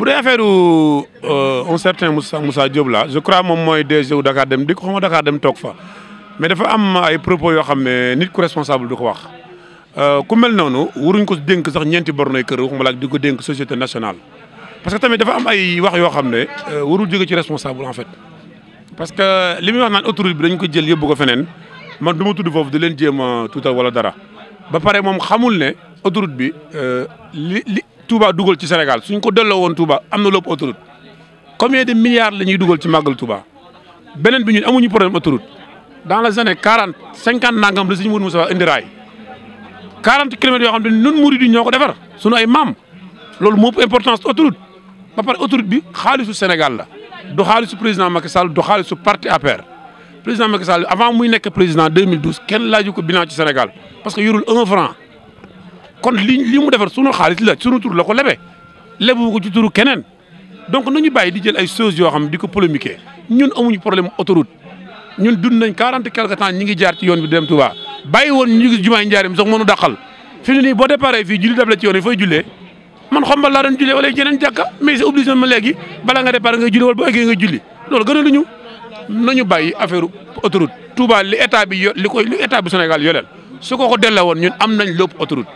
bu dee affaire euh, un certain Moussa Moussa Diop la je crois moom mooy DG wu Dakar dem dikk xawma Dakar dem toog fa mais dafa am ay propos yoo xam ne nit ku responsable du ko wax. Euh, ku mel noonu waruñ ko dénk sax ñeenti bornoy kër waxumala di ko dénk société nationale parce que tamit dafa am ay wax yoo xam ne euh, warul jóge ci responsable en fait. parce que li muy wax naan autoroute bi dañ ko jël yóbbu ko feneen man du ma tudd foofu di leen jéem a tuutal wala dara ba pare moom xamul ne autoroute bi li Touba dugal ci Sénégal suñu ko delloo woon Touba am na lépp autoroute combien de milliards la ñuy dugal ci màggal Touba beneen bi ñun amuñu problème autoroute dans les années quarante cinquante nangam la suñu Mourou Moussa indi raay quarante kilomètres yoo xam ne nun murid yi ñoo ko defar sunu ay maam loolu moo importance autoroute ba par autoroute bi xaalisu Sénégal la du xaalisu président Macky Sall du xaalisu parti APR président Macky Sall avant muy nekk président 2012 kenn laaju ko bilan ci Sénégal parce kon lii li mu defar sunu xaalis la sunu tur la ko lebe lebu ko ci turu keneen donc nañu bàyyi di jël ay choses yoo xam di ko polémiquer ñun amuñu problème autoroute ñun dund nañ quarante quelque temps ñi ngi jaar ci yoon bi dem Touba bàyyi woon ñu ngi jumaay njaarim sax mënu dàqal fi mu ne nii boo déparé fii julli dab la ci yoon bi fooy man xombal laa doon jullee wala jeneen jàkka mais c'est obligé ma léegi bala nga déparé nga julli wala ba eggee nga julli loolu gën a luñu bàyyi affaire autoroute Touba li état bi yo ko état bi Sénégal yoleel su ko ko delloo woon ñun am nañ lépp autoroute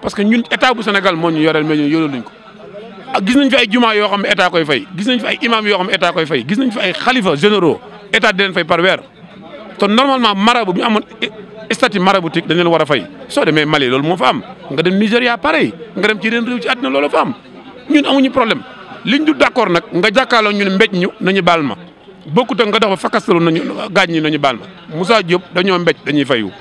parce que ñun état bu Sénégal moo ñu yoreel mais ñun yoreluñ ko ak gis nañ fi ay jumaa yoo xam ne état koy fay gis nañ fi ay imam yoo xam ne état koy fay gis nañ fi ay xalifa généro état di leen fay par weer te normalement marabu bu ñu amoon statut maraboutique dañ leen war a fay soo demee Mali loolu moo fa am nga dem Nigéria pareil nga dem ci yeneen réew ci àddina loolu fa am ñun amuñu problème liñ du d'accord nag nga jàkkaarloo ñu ne mbéj ñu nañu baal ma bokkut ak nga dox ba fakastalu nañu gaañ ñi nañu baal ma Moussa Diop dañoo mbéj dañuy fayu